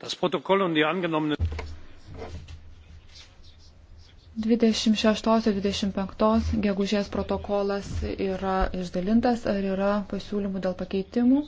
Das Protokoll und die angenommenen 26-25 gegužės protokolas yra išdalintas, ar yra pasiūlymų dėl pakeitimų.